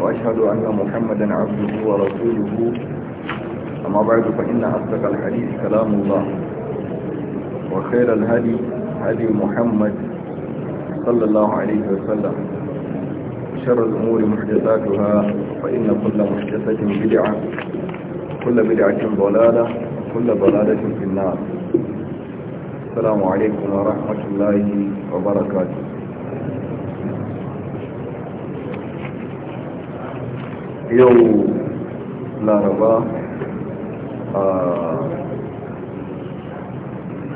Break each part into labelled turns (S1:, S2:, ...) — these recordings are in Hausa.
S1: وأشهد أن محمدا عبده ورسوله أما بعد فإن أصدق الحديث كلام الله وخير الهدي هدي محمد صلى الله عليه وسلم شر الأمور محدثاتها فإن كل محدثة بدعة كل بدعة ضلالة كل ضلالة في النار السلام عليكم ورحمة الله وبركاته yau laraba a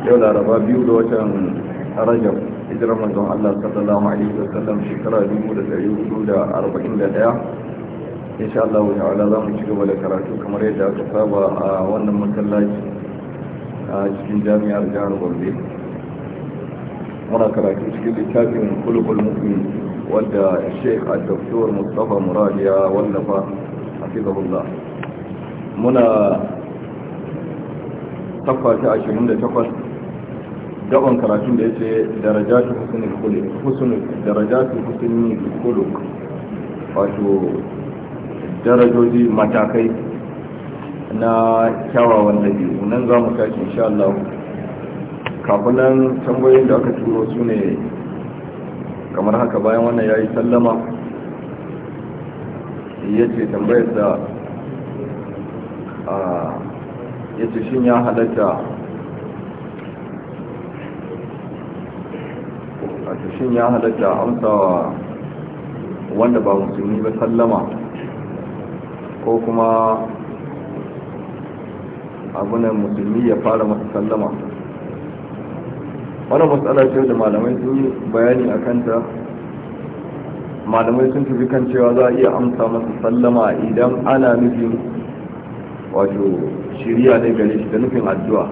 S1: yau laraba biyu da watan rajab hijirar manzon Allah sallallahu alaihi wasallam shekara 2441 insha Allah ta'ala za mu ci gaba da karatu kamar yadda aka saba a wannan matsalaci a cikin jami'ar jihar Gombe muna karatu cikin littafin kulubul mu'min wadda sheik al-doktor mustapha murad ya wallafa a hafizahullah muna da takwas. gaban karatun da ya ce darajatu husunin kuluk wato darajoji matakai na kyawawan dabi'u nan za mu tashi insha Allah kafin nan tambayoyin da aka turo su ne kamar haka bayan wannan ya yi sallama ya ce tambayar da ya ce shi ya halatta a tushin ya halatta amsawa wanda ba musulmi ba sallama ko kuma abunan musulmi ya fara masa sallama wani matsala ce da malamai sun yi bayani a kanta malamai sun tafi kan cewa za a iya amsa masa sallama idan ana nufin wato shirya ne gare shi da nufin addu'a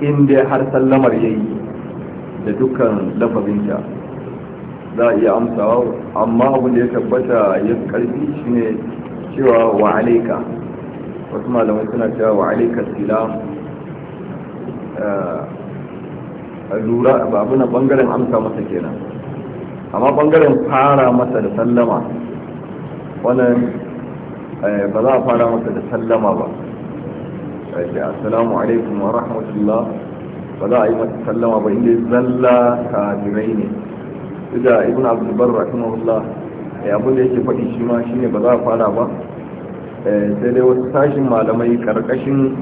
S1: in dai har sallamar ya yi da dukkan lafazinta za a iya amsawa amma abin da ya tabbata ya karfi shine cewa wa alaika wasu malamai suna cewa wa alaika silam eh, lura ba abu na bangaren amsa masa kenan amma bangaren fara masa da sallama wannan eh, ba za a fara masa da sallama ba sai eh, assalamu alaikum wa rahmatullah ba za a yi masa sallama ba inda zalla kafirai ne da ibn abdul bar rahimahullah ya eh, abin da yake faɗi shi ma shine ba za a fara ba sai dai wasu sashin malamai karkashin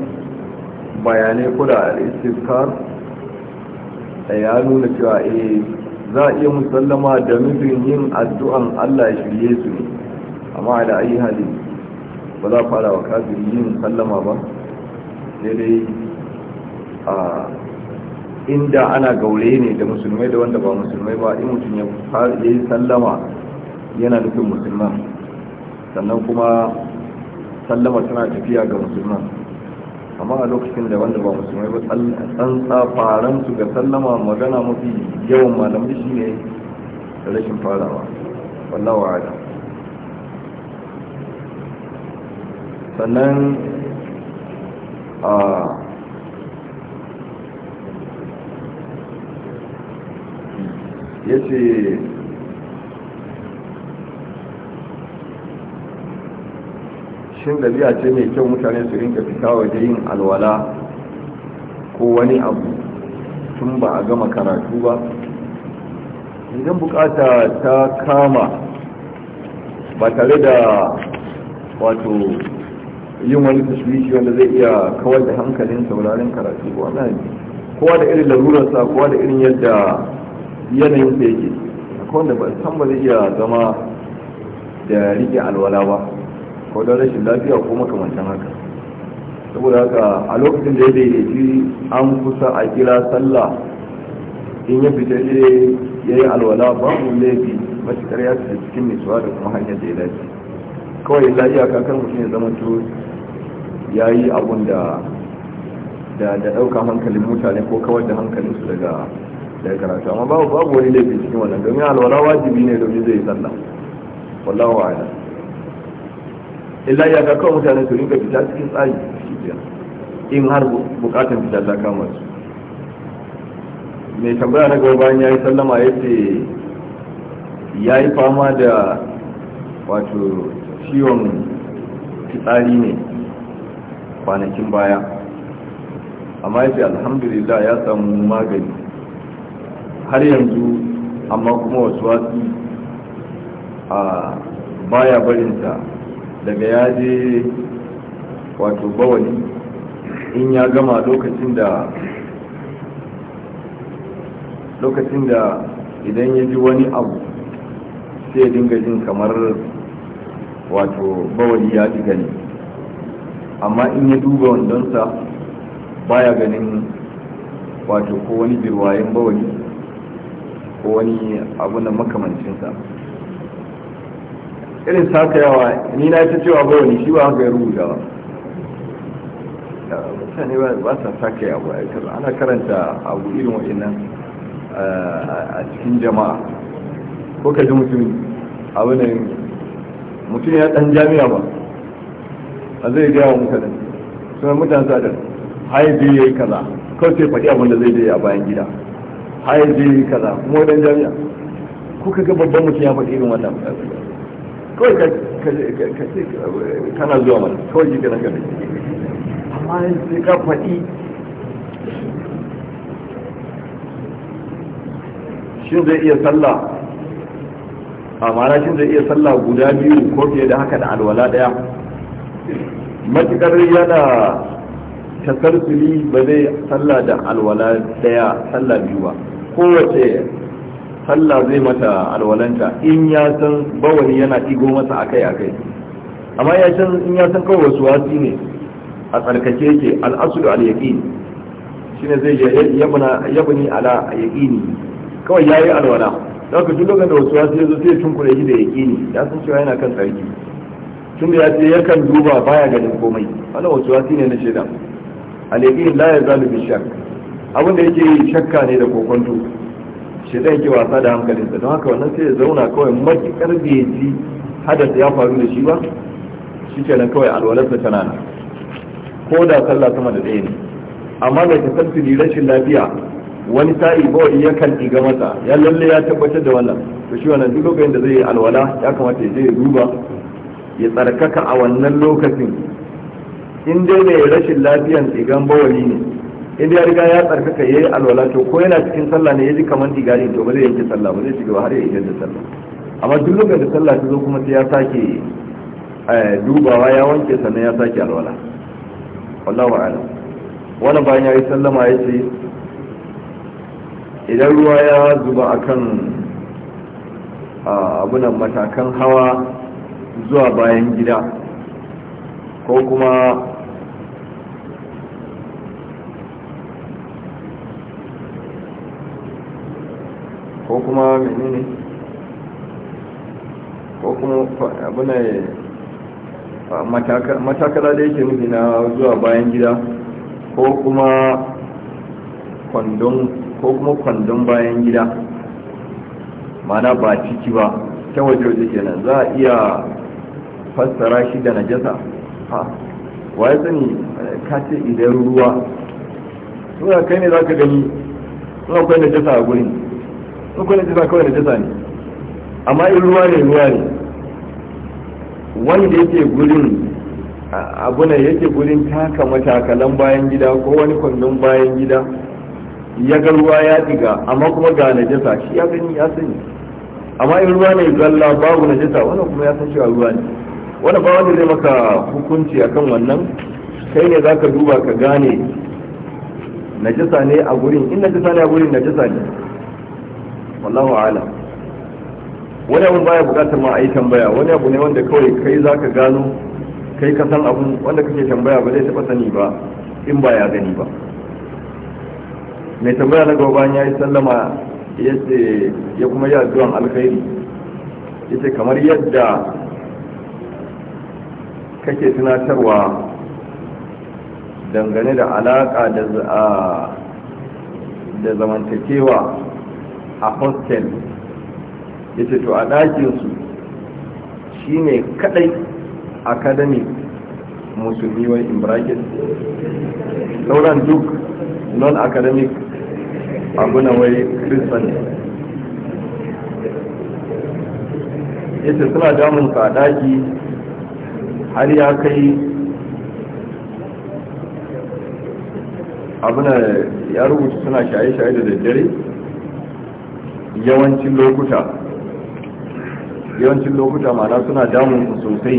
S1: bayanai ko da al istikhar Eh, ya nuna cewa eh za a iya musallama da nufin yin addu'an Allah ya shirye su ne amma da ayi hali ba za fara wa kafiri yin sallama ba sai dai a inda ana gaure ne da musulmai da wanda ba musulmai ba in mutum ya yi sallama yana nufin musulman sannan kuma sallama tana tafiya ga musulman amma a lokacin da wanda ba musulmai ba tsan faran su ga sallama magana mafi yawan malamai shi ne rashin farawa wa adam sannan a ya shin biya ce mai kyau mutane su rinka fita waje yin alwala ko wani abu tun ba a gama karatu ba idan bukata ta kama ba tare da wato yin wani tashwishi wanda zai iya kawar da hankalin sauraren karatu ba wannan kowa da irin larurarsa kowa da irin yadda yanayin sa yake akwai wanda ba san ba zai iya zama da rike alwala ba ko don rashin lafiya ko makamantan haka saboda haka a lokacin da ya daidaiti an kusa a kira sallah in ya fita je ya yi alwala babu laifi matuƙar ya fita cikin nisuwa da kuma hanyar da ya dace kawai illa iyaka kan mutum ya zama to ya yi abun da da ɗauka hankalin mutane ko kawar da hankalinsu daga daga karatu amma babu babu wani laifi cikin wannan domin alwala wajibi ne domin zai yi sallah wallahu a'lam illa ya ga kawai mutane su rinka fita cikin tsari in har bukatan fita ta kama su mai tambaya na gaba bayan ya yi sallama ya ce ya yi fama da wato ciwon fitsari ne kwanakin baya amma ya ce alhamdulillah ya samu magani har yanzu amma kuma wasu wasu a baya barinta daga ya je wato bawani in ya gama lokacin da lokacin da idan ya ji wani abu sai dinga jin kamar wato bawani ya ji gani amma in ya duba wandonsa baya ganin wato ko wani birwayen bawani ko wani abu na makamancinsa irin saka yawa ni na ita cewa ba wani shi ba haka ya rubuta ba mutane ba sa saka yawa ana karanta abu irin wa'annan eh, a cikin jama'a ko ka ji mutum abu ne mutum ya dan jami'a ba a zai gaya wa mutane suna mutane sa da haizu ya yi kaza kawai sai faɗi abinda da zai je a bayan gida haizu ya yi kaza kuma wadan jami'a kuka ga babban mutum ya faɗi irin wannan kawai ka ce kana zuwa mana kawai ji kana gane amma sai ka faɗi zai iya sallah a mara shin zai iya sallah guda biyu ko fiye da haka da alwala daya matukar yana tasalsuli ba zai sallah da alwala daya sallah biyu ba kowace sallah zai mata alwalanta in ya san bawani yana ɗigo masa akai akai amma ya san in ya san kawai wasu wasi ne a tsarkake yake al'asudu al yaqin shine zai je yabna yabni ala yaqini kawai yayi alwala don ka duk lokacin da wasu wasi ya zo sai tunkure shi da yaqini ya san cewa yana kan tsarki tunda ya ce yakan duba baya ganin komai wannan wasu wasi ne na shaidan al yaqin la yazalu bi shakk abin da yake shakka ne da kokonto shi zai ke wasa da hankalinsa don haka wannan sai ya zauna kawai matuƙar bai ji hadasa ya faru da shi ba shi nan kawai alwalarsa tana nan ko da sallah sama da ɗaya ne amma da tafassiri rashin lafiya wani sa'i wani yakan ɗiga masa ya lalle ya tabbatar da wannan to shi wannan duk lokacin da zai yi alwala ya kamata ya je ya duba ya tsarkaka a wannan lokacin in dai da rashin lafiyan ɗigan bawali ne in ya riga ya tsarkaka yayi alwala to ko yana cikin sallah ne yaji kaman digari to ba zai yanke sallah ba zai shiga har ya idan da sallah amma duk lokacin da sallah ta zo kuma sai ya sake eh, dubawa ya wanke sannan ya sake alwala wallahu a'lam wani bayan yayi sallama ya ce idan ruwa ya zuba akan abunan matakan hawa zuwa bayan gida ko kuma ko kuma menene ko kuma abuna matakala da yake nufi na zuwa bayan gida ko kuma kwandon bayan gida mana ba ciki ba ta waje waje kenan za a iya fassara shi da najasa ha ya sani eh, ka ce idan ruwa suna kai ne za ka gani suna kwai najasa a gurin in kawai jisa kawai jisa ne amma in ruwa ne ruwa ne wanda yake gurin abu ne yake gurin taka matakalan bayan gida ko wani kwandon bayan gida ya ga ruwa ya diga amma kuma ga najasa shi ya gani ya sani amma in ruwa ne zalla babu najasa wannan kuma ya san cewa ruwa ne wannan ba wanda zai maka hukunci akan wannan kai ne zaka duba ka gane najasa ne a gurin in najasa ne a gurin najasa ne wallahu ala wani abu baya bukatar ma a tambaya wani abu ne wanda kawai kai za ka gano kai ka san abun wanda kake tambaya ba zai taɓa sani ba in ba ya gani ba mai tambaya na gaba ya yi sallama ya kuma yi addu'an alkhairi yace kamar yadda kake tunatarwa dangane da alaƙa da zamantakewa a hostel ya ce to a ɗakinsu shi ne kadai academy musulmi wai in bracket sauran duk non-academic abuna wai christian ya ce suna damun ka daki har ya kai abuna ya rubuta suna shaye-shaye da daddare yawancin lokuta yawancin lokuta ma'ana suna damun sosai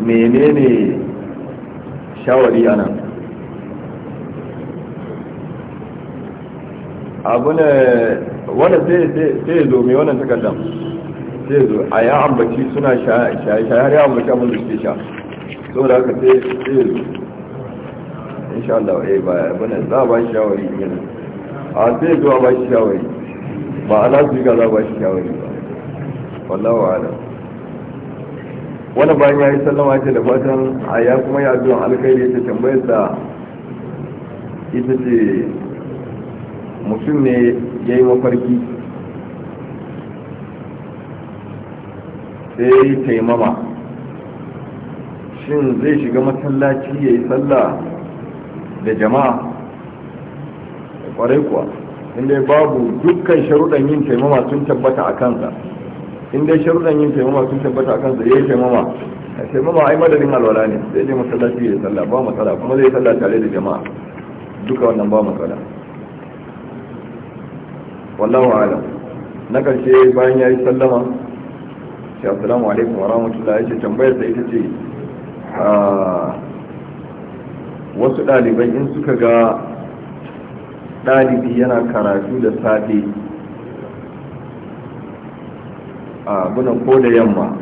S1: menene shawari a nan abu ne wanda sai zo mai wannan takardar sai zo a ya ambaci suna shaye har ya ambaci abin da suke sha saboda haka sai sai zo insha Allah eh ba bane za a ba shi shawari ne a sai zo a ba shi shawari ba ala su yi gaza ba shi shawari ba wallahu ala wani bayan ya yi sallama ce da fatan a ya kuma ya addu'an ya ta tambayar da ita ce mutum ne ya yi mafarki sai ya yi taimama shin zai shiga masallaci ya yi sallah da jama'a kwarai kuwa inda babu dukkan sharuɗan yin taimama sun tabbata a kansa inda sharuɗan yin taimama sun tabbata a kansa ya yi taimama a taimama ai madadin alwala ne sai je masallaci ya sallah ba matsala kuma zai salla tare da jama'a duka wannan ba matsala wallahu alam na karshe bayan ya yi sallama sai assalamu alaikum wa rahmatullahi ya ce tambayar da ita ce ah, wasu ɗaliban in suka ga ɗalibi yana karatu da safe a guna ko da yamma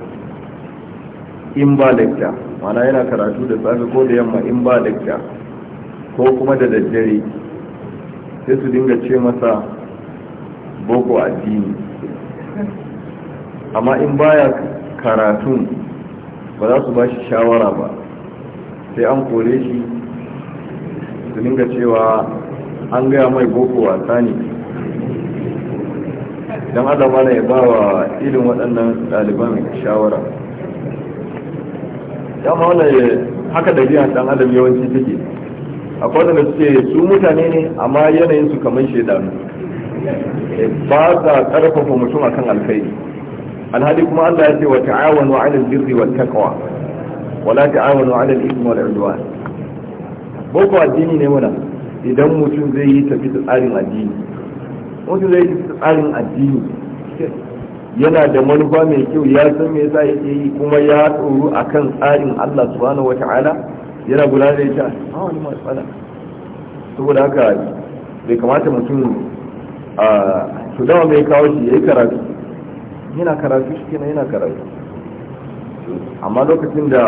S1: in ba lecta mana yana karatu da safe ko da yamma in ba lecta ko kuma da daddare sai su dinga ce masa boko addini amma in baya karatun ba za su ba shi shawara ba sai an kore shi su dinga cewa an gaya mai boko wasa ne don adama ya ba wa ilin waɗannan ɗaliban shawara dama wannan haka da biyan ɗan adam yawanci take akwai wanda suke su mutane ne amma yanayin su kamar shaidanu eh, ba sa ƙarfafa mutum akan alkhairi alhali kuma Allah ya ce wa ta'awanu 'alal birri wat taqwa wa la ta'awanu 'alal ithmi wal 'udwan boko addini ne wannan idan mutum zai yi tafi da tsarin addini mutum zai yi da tsarin addini yana da manufa mai kyau ya san me yasa yake yi kuma ya tsoro akan tsarin Allah subhanahu wata'ala yana gudanar da ita a wani matsala saboda haka bai kamata mutum a su dama mai kawo shi ya yi karatu yana karatu shi kenan yana karatu amma lokacin da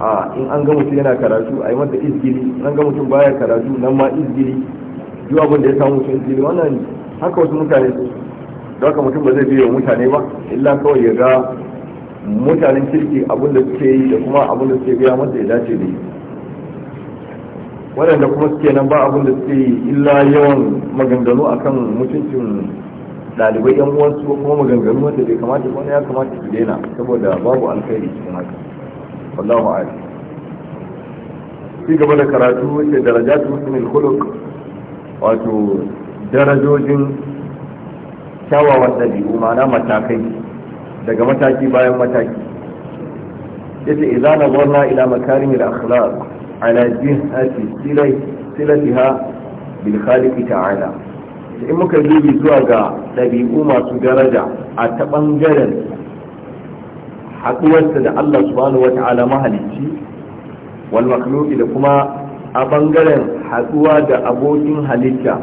S1: a in an ga mutum yana karatu a yi mata izgiri in an ga mutum baya karatu nan ma izgiri zuwa abin da ya samu mutum izgiri wannan haka wasu mutane su don haka mutum ba zai biyo mutane ba illa kawai ya ga mutanen kirki abin da suke yi da kuma abin da suke biya mata ya dace da yi waɗanda kuma suke nan ba abin da suke yi illa yawan maganganu akan mutuncin ɗalibai yan uwansu kuma maganganu wanda bai kamata ba ya kamata su daina saboda babu alkhairi cikin haka wallahu a'lam ci gaba da karatu wace darajatu husnul khuluq wato darajojin kyawawan dabi'u ma'ana matakai daga mataki bayan mataki yace idza nazarna ila makarim al-akhlaq ala jihati in muka dubi zuwa ga ɗabi'u masu daraja a ta ɓangaren haɗuwarsa da Allah subhanahu wa ta'ala mahalicci wal makhluqi da kuma a bangaren haɗuwa da abokin halitta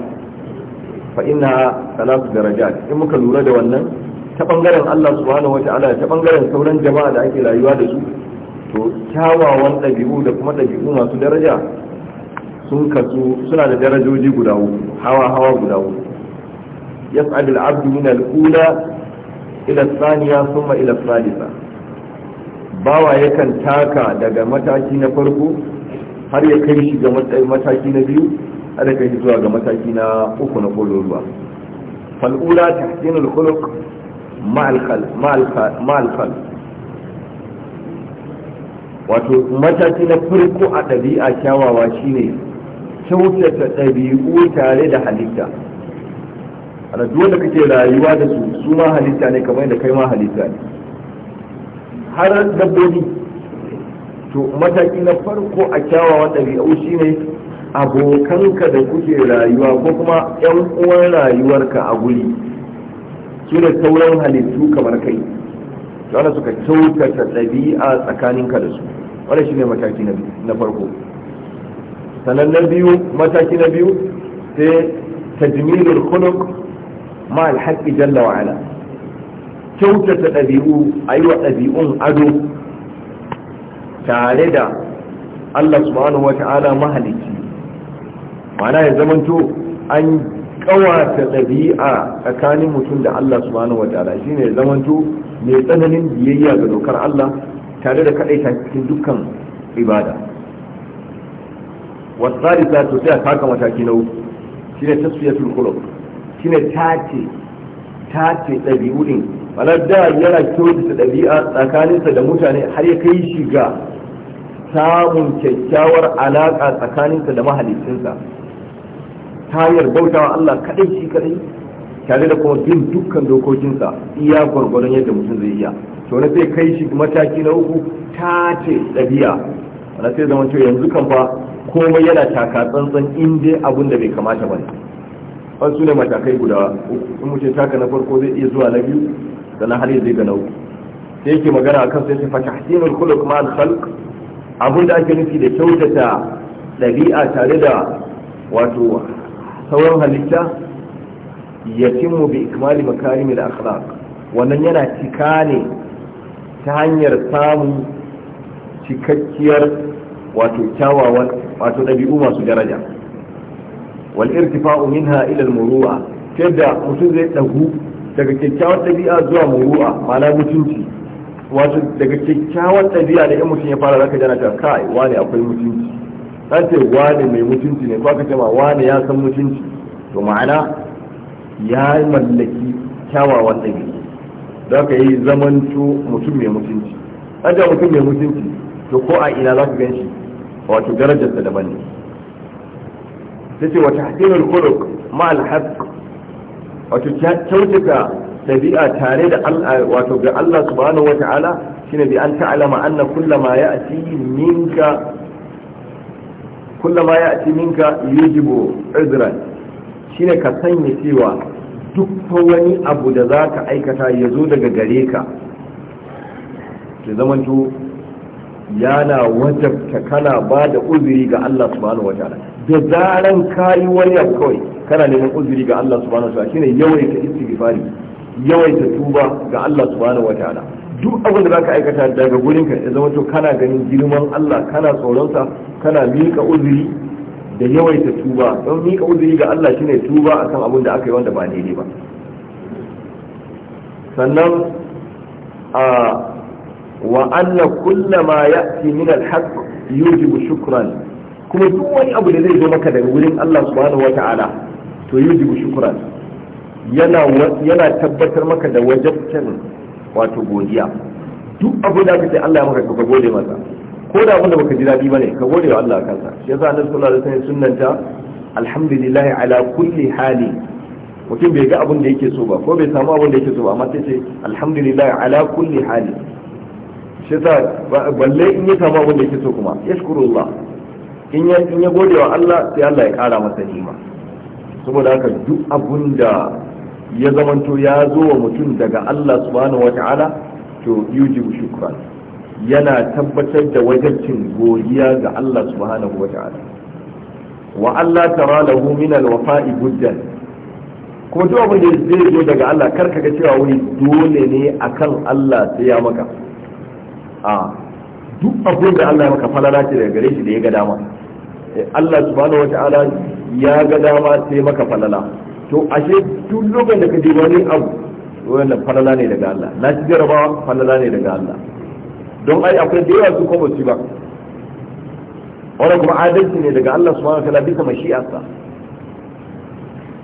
S1: fa inna salatu darajat in muka lura da wannan ta bangaren Allah subhanahu wa ta'ala ta bangaren sauran jama'a da ake rayuwa da su to kyawawan ɗabi'u da kuma ɗabi'u masu daraja sun kasu suna da darajoji guda uku hawa hawa guda uku yas'al al-abdu min al-ula ila thaniya thumma ila thalitha bawa yakan taka daga mataki na farko har ya kai shi ga mataki na biyu har ya kai shi zuwa ga mataki na uku na kololuwa fal'ula ta khuluq ma'al ma'alkal wato mataki na farko a ɗabi'a kyawawa shine kyautata ɗabi'u tare da halitta ana duk wanda kake rayuwa da su su ma halitta ne kamar yadda kai ma halitta ne har dabbobi to mataki na farko a kyawawan ɗabi'u shine abokanka da kuke rayuwa ko kuma 'yan uwan rayuwarka a guri su da sauran halittu kamar kai to ana suka kyautata ɗabi'a tsakaninka da su shi ne mataki na farko sannan na biyu mataki na biyu sai tajmilul khuluq ma al jalla wa ala kyautata ɗabi'u a yi wa ɗabi'un ado tare da Allah subhanahu wa ta'ala mahalicci mana ya zamanto an kawata ɗabi'a tsakanin mutum da Allah subhanahu wa ta'ala shine ya zamanto mai tsananin biyayya ga dokar Allah tare da kaɗaita cikin dukkan ibada wasu tsari ta sosai a saka mataki na uku shine tasfiyatul qulub shine tace tace ɗabi'u ɗin, malar da yana kyautata ɗabi'a tsakaninsa da mutane har ya kai shi ga samun kyakkyawar alaƙa tsakaninsa da mahalicinsa ta hanyar bautawa Allah kaɗai shi kaɗai tare da kuma bin dukkan dokokinsa iya gwargwaron yadda mutum zai iya to na sai kai shi mataki na uku tace ɗabi'a wani sai zama to yanzu kan fa komai yana taka tsantsan in dai abin da bai kamata ba ne wasu ne matakai guda in mutum taka na farko zai iya zuwa na biyu da na hali zai ga na uku sai yake magana akan sai ta fata hasinul khuluq kuma al khalq abin da ake nufi da kyautata dabi'a tare da wato sauran halitta ya yatimmu bi ikmali da akhlaq wannan yana cika ne ta hanyar samun cikakkiyar wato kyawawan wato dabi'u masu daraja wal irtifa'u minha ilal al muru'a yadda mutum zai dagu daga kyakkyawar ɗabi'a zuwa muru'a ma'ana mutunci wato daga kyakkyawar ɗabi'a da yan mutum ya fara zaka jana ta kai wane akwai mutunci an ce wane mai mutunci ne ko aka ce ma wane ya san mutunci to ma'ana ya mallaki kyawawan ɗabi'a za ka yi zamanto mutum mai mutunci an mutum mai mutunci to ko a ina za ka gan shi wato darajarsa daban ne tace wa tahsinul khuluq ma al haqq wato kyautata tabi'a tare da wato ga Allah subhanahu wata'ala shine bi an ta'lama anna kullama ya'ti minka kullama ya'ti minka yujibu udran shine ka sanya cewa duk wani abu da za ka aikata ya zo daga gare ka ke zamanto yana wajabta kana ba da uzuri ga Allah subhanahu wa ta'ala da zaran kayi wani abu kawai kana neman uzuri ga Allah subhanahu wataala shine yawaita istighfari yawaita tuba ga Allah subhanahu wataala duk abin da zaka aikata daga gurin ka ya zama to kana ganin girman Allah kana tsoron sa kana mika uzuri da yawaita tuba don mika uzuri ga Allah shine tuba akan abin da aka yi wanda ba daidai ba sannan a wa anna kullama ya'ti min al-haqq yujibu shukran kuma duk wani abu da zai zo maka daga wurin Allah subhanahu wata'ala to yujibu shukran yana yana tabbatar maka da wajabtan wato godiya duk abu da kace Allah ya maka ka gode masa ko da abin da baka ji daɗi bane ka gode wa Allah kansa shi yasa annabi sallallahu alaihi wasallam sunnanta alhamdulillahi ala kulli hali mutum bai ga abin da yake so ba ko bai samu abin da yake so ba amma sai ce alhamdulillahi ala kulli hali shi yasa balle in ya samu abin da yake so kuma yashkurullah in ya in ya gode wa Allah sai Allah ya kara masa nima saboda haka duk abun da ya zamanto ya zo wa mutum daga Allah subhanahu ta'ala to yujibu shukran yana tabbatar da wajabcin godiya ga Allah subhanahu ta'ala wa Allah tara lahu min alwafa'i buddan ko duk abun da zai zo daga Allah karka ga cewa wani dole ne akan Allah sai ya maka a duk abin da Allah ya maka falala ce daga gare shi da ya ga dama Allah subhanahu ta'ala ya ga dama sai maka falala to ashe duk lokacin da ka ji wani abu wannan falala ne daga Allah na ci jarabawa falala ne daga Allah don ai akwai da yawa su kuma su ba wannan kuma adalci ne daga Allah subhanahu ta'ala bisa mashi'arsa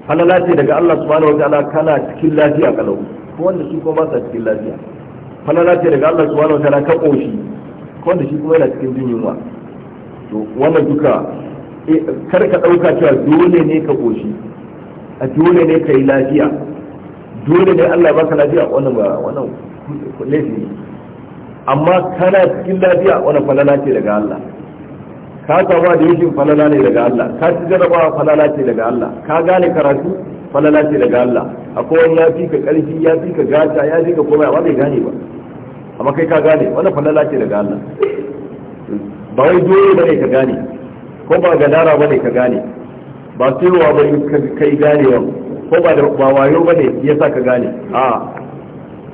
S1: falala ce daga Allah subhanahu ta'ala kana cikin lafiya kalau ko wanda su kuma ba sa cikin lafiya falala ce daga Allah subhanahu ta'ala ka koshi ko wanda shi kuma yana cikin jin yunwa to wannan duka eh, kar ka ɗauka cewa dole ne ka ƙoshi a dole ne ka yi lafiya dole ne Allah baka lafiya wannan ba wannan laifi amma kana cikin lafiya wannan falala ce daga Allah ka saba da yashin falala ne daga Allah ka ci jarabawa falala ce daga Allah ka gane karatu falala ce daga Allah akwai wani ya fi ka ƙarfi ya fi ka gata ya fi ka komai amma bai gane ba amma kai ka gane wannan falala ce daga Allah ba wai dole bane ka gane ko ba gadara bane ka gane ba sirwa bane ka kai ba ko ba da ba wayo bane yasa ka gane a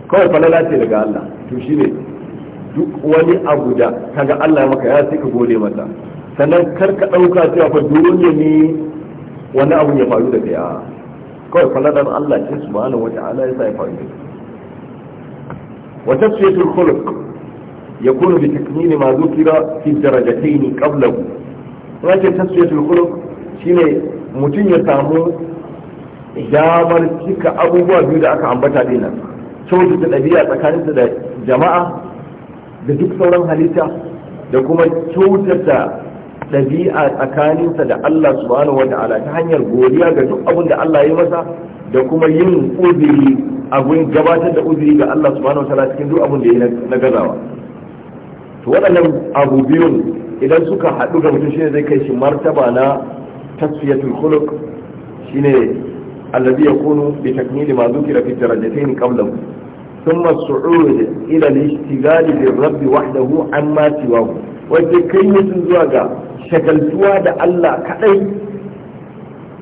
S1: kawai falala ce daga Allah to shine duk wani abu da kaga Allah ya maka ya sai ka gode masa sannan kar ka dauka cewa fa dole ne wani abu ya faru da kai a kawai falalar Allah ce subhanahu wata'ala ya sa ya faru da kai wa tasfiyatul khuluq يكون بتكميل ما ذكر في الدرجتين قبله ولكن تسوية الخلق شيء متين يسامو damar cika abubuwa biyu da aka ambata dinan kyautata ɗabi'a tsakaninsa da jama'a da duk sauran halitta da kuma kyautata ɗabi'a tsakaninsa da Allah subhanahu wata'ala ta hanyar godiya ga duk abin da Allah ya masa da kuma yin uzuri abin gabatar da uzuri ga Allah subhanahu wata'ala cikin duk abin da ya na gazawa to waɗannan abu biyun idan suka haɗu ga mutum shine zai kai shi martaba na tasfiyatul khuluq shine alladhi yakunu bi takmili ma dhukira fi darajatayn qablahu thumma as-su'ud ila al-ishtighali bir-rabb wahdahu amma siwahu wanda kai mutum zuwa ga shagaltuwa da Allah kadai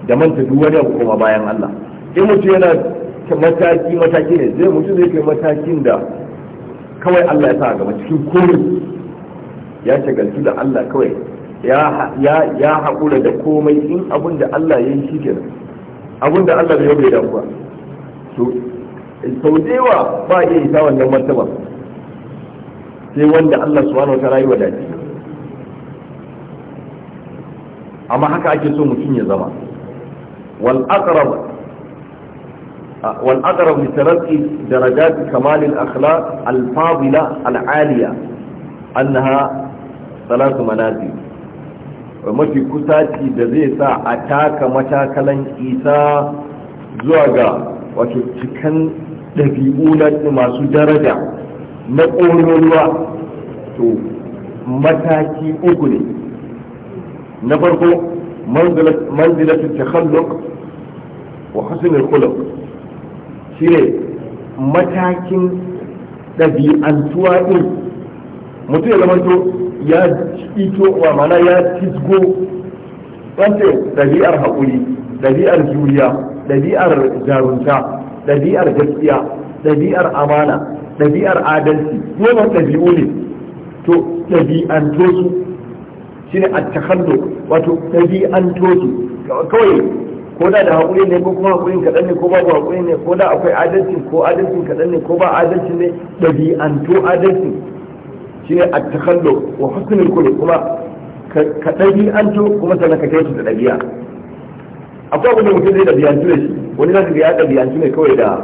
S1: da manta duk wani abu kuma bayan Allah in mutum yana mataki mataki ne zai mutum zai kai matakin da kawai Allah ya sa gaba cikin komai ya shagaltu da Allah kawai ya haƙura da komai in abin da Allah ya yi shi kenan abin da Allah ya bai damuwa to sau da yawa ba iya isa wannan martaba sai wanda Allah subhanahu wa ta'ala yi wadaci amma haka ake so mutum ya zama wal aqrab والأقرب لترقي درجات كمال الأخلاق الفاضلة العالية أنها salatu manazil mafi kusaci da zai sa a taka matakalan isa zuwa ga wato cikan ɗabi'u na masu daraja na ƙololuwa to mataki uku ne na farko manzilatun takhalluk wa husnul khuluq shine matakin ɗabi'antuwa ɗin mutum ya zama to ya ito wa mana ya tisgo wanda ɗabi'ar haƙuri ɗabi'ar juriya ɗabi'ar jarunta ɗabi'ar gaskiya ɗabi'ar amana ɗabi'ar adalci yawan ɗabi'u ne to ɗabi'antosu su shi ne a wato ɗabi'antosu. kawai ko da da haƙuri ne ko kuma haƙurin kaɗan ne ko babu haƙuri ne ko da akwai adalcin ko adalcin kaɗan ne ko ba adalcin ne ɗabi'anto adalcin shine a takallo wa Hukunin khuluq kuma ka to, kuma sannan ka kyautu da ɗabi'a akwai abin da mutum zai ɗabi'antu da shi wani za ka ga ya ɗabi'antu ne kawai da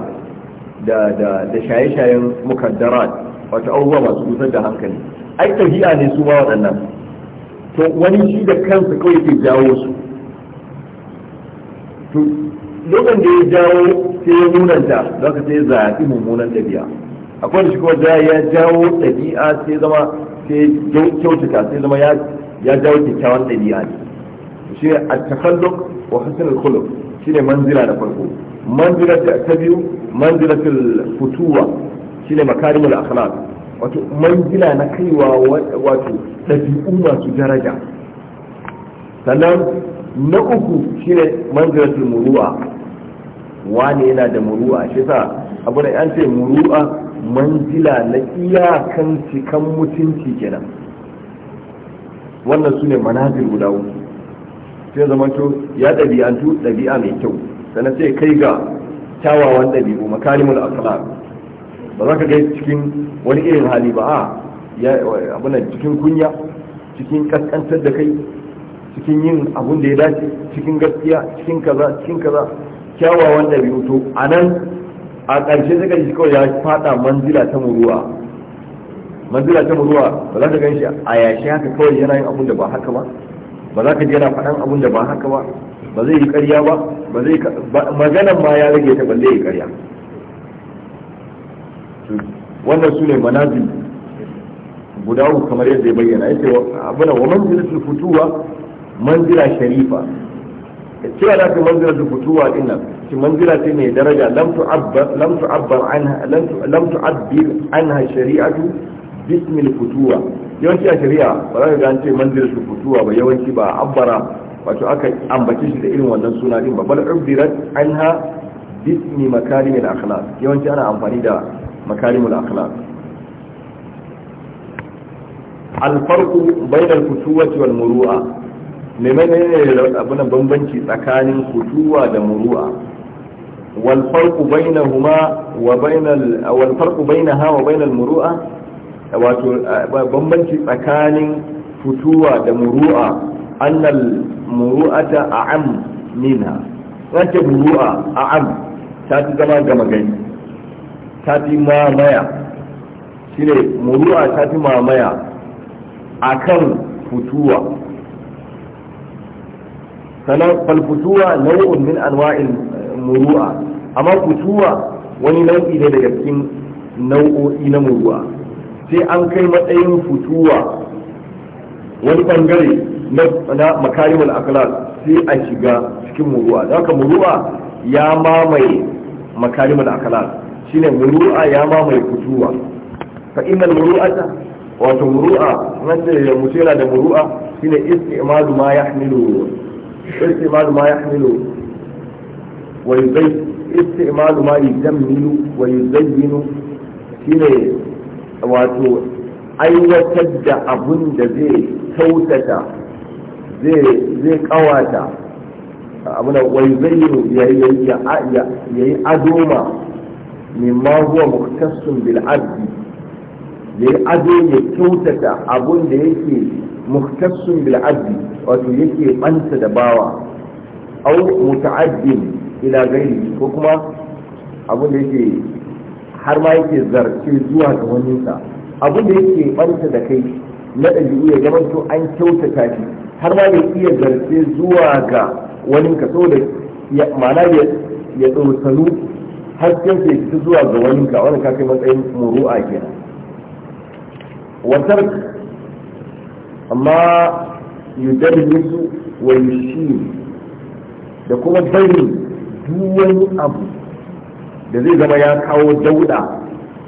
S1: da da da shaye-shayen mukaddarat wato abubuwa masu kusan da hankali ai ɗabi'a ne su ma waɗannan to wani shi da kansa kawai ke jawo su to lokacin da ya jawo sai ya munanta za ka ya zaɓi mummunan ɗabi'a akwai shi kuma ya jawo ɗabi'a sai zama sai kyautata sai zama ya jawo kyakkyawan ɗabi'a ne shi ne a tafalluk wa hasan al-khuluq shi ne manzila da farko manzila ta biyu ta futuwa shi ne makarimul akhlaq wato manzila na kaiwa wato ɗabi'u masu daraja sannan na uku shi ne ta muru'a wani yana da muru'a shi sa abu da an ce muru'a manzila na iyakan cikan mutunci kenan wannan su ne manazir guda uku sai zama to ya ɗabi'antu ɗabi'a mai kyau sannan sai kai ga kyawawan ɗabi'u makalimul akhlaq ba za ka ga cikin wani irin hali ba a abuna cikin kunya cikin kaskantar da kai cikin yin abun da ya dace cikin gaskiya cikin kaza cikin kaza kyawawan ɗabi'u to anan a ƙarshe suka shi kawai ya fada manzila ta muruwa manzila ta muruwa ba za ka ganshi a yashi haka kawai yana yin abun da ba haka ba ba za ka ji yana faɗan abun da ba haka ba ba zai yi ƙarya ba ba zai maganan ma ya rage ta balle ya ƙarya wannan su ne manazil guda uku kamar yadda ya bayyana yace abuna wa manzilatul futuwa manzila sharifa cewa da ta manzila da fituwa din nan manzila ce mai daraja lam tu'abbar lam tu'abbar anha lam anha shari'atu yawanci a shari'a ba za ka ga an ce manzila da fituwa ba yawanci ba abbara wato aka ambace shi da irin wannan suna din ba bal ubdirat anha bismi makarimil akhlaq yawanci ana amfani da makarimul akhlaq الفرق بين الفتوة والمروءة menene abin bambanci tsakanin kutuwa da muru'a walfarku baina bainahuma bainal muru'a wato eh, bambanci tsakanin da muru'a annal muru'ata a'am minha muru'a ta fi zama gama gari ta fi mamaya shine muru'a ta fi mamaya kan kutuwa sannan falfutuwa nau'un min anwa'il muru'a amma kutuwa wani nau'i ne daga cikin nau'o'i na muru'a sai an kai matsayin futuwa wani bangare na makarimul akhlaq sai a shiga cikin muru'a da haka muru'a ya mamaye makarimul akhlaq shine muru'a ya mamaye futuwa fa innal muru'ata wato muru'a wanda mutum yana da muru'a shine istimalu ma yahmilu استعمال ما يحمل ويبين استعمال ما يجمل ويزين shine wato aiwatar da abun da zai kyautata zai kawata abuna wai zai ya yi adoma mimma huwa muktasun bil ya ado ya kyautata abun da yake muhtassun bil'addi wato yake banta da bawa au muta'addin ila gairi ko kuma abun da yake har ma yake zarce zuwa ga sa abun da yake banta da kai na ɗabi'u ya zama to an kyautata shi har ma ya iya zarce zuwa ga waninka saboda ma'ana ya tsotsanu hasken ke zuwa ga waninka wani ka kai matsayin muru'a kenan وترك amma yudallisu wa yushim da kuma bari duk abu da zai zama ya kawo dauda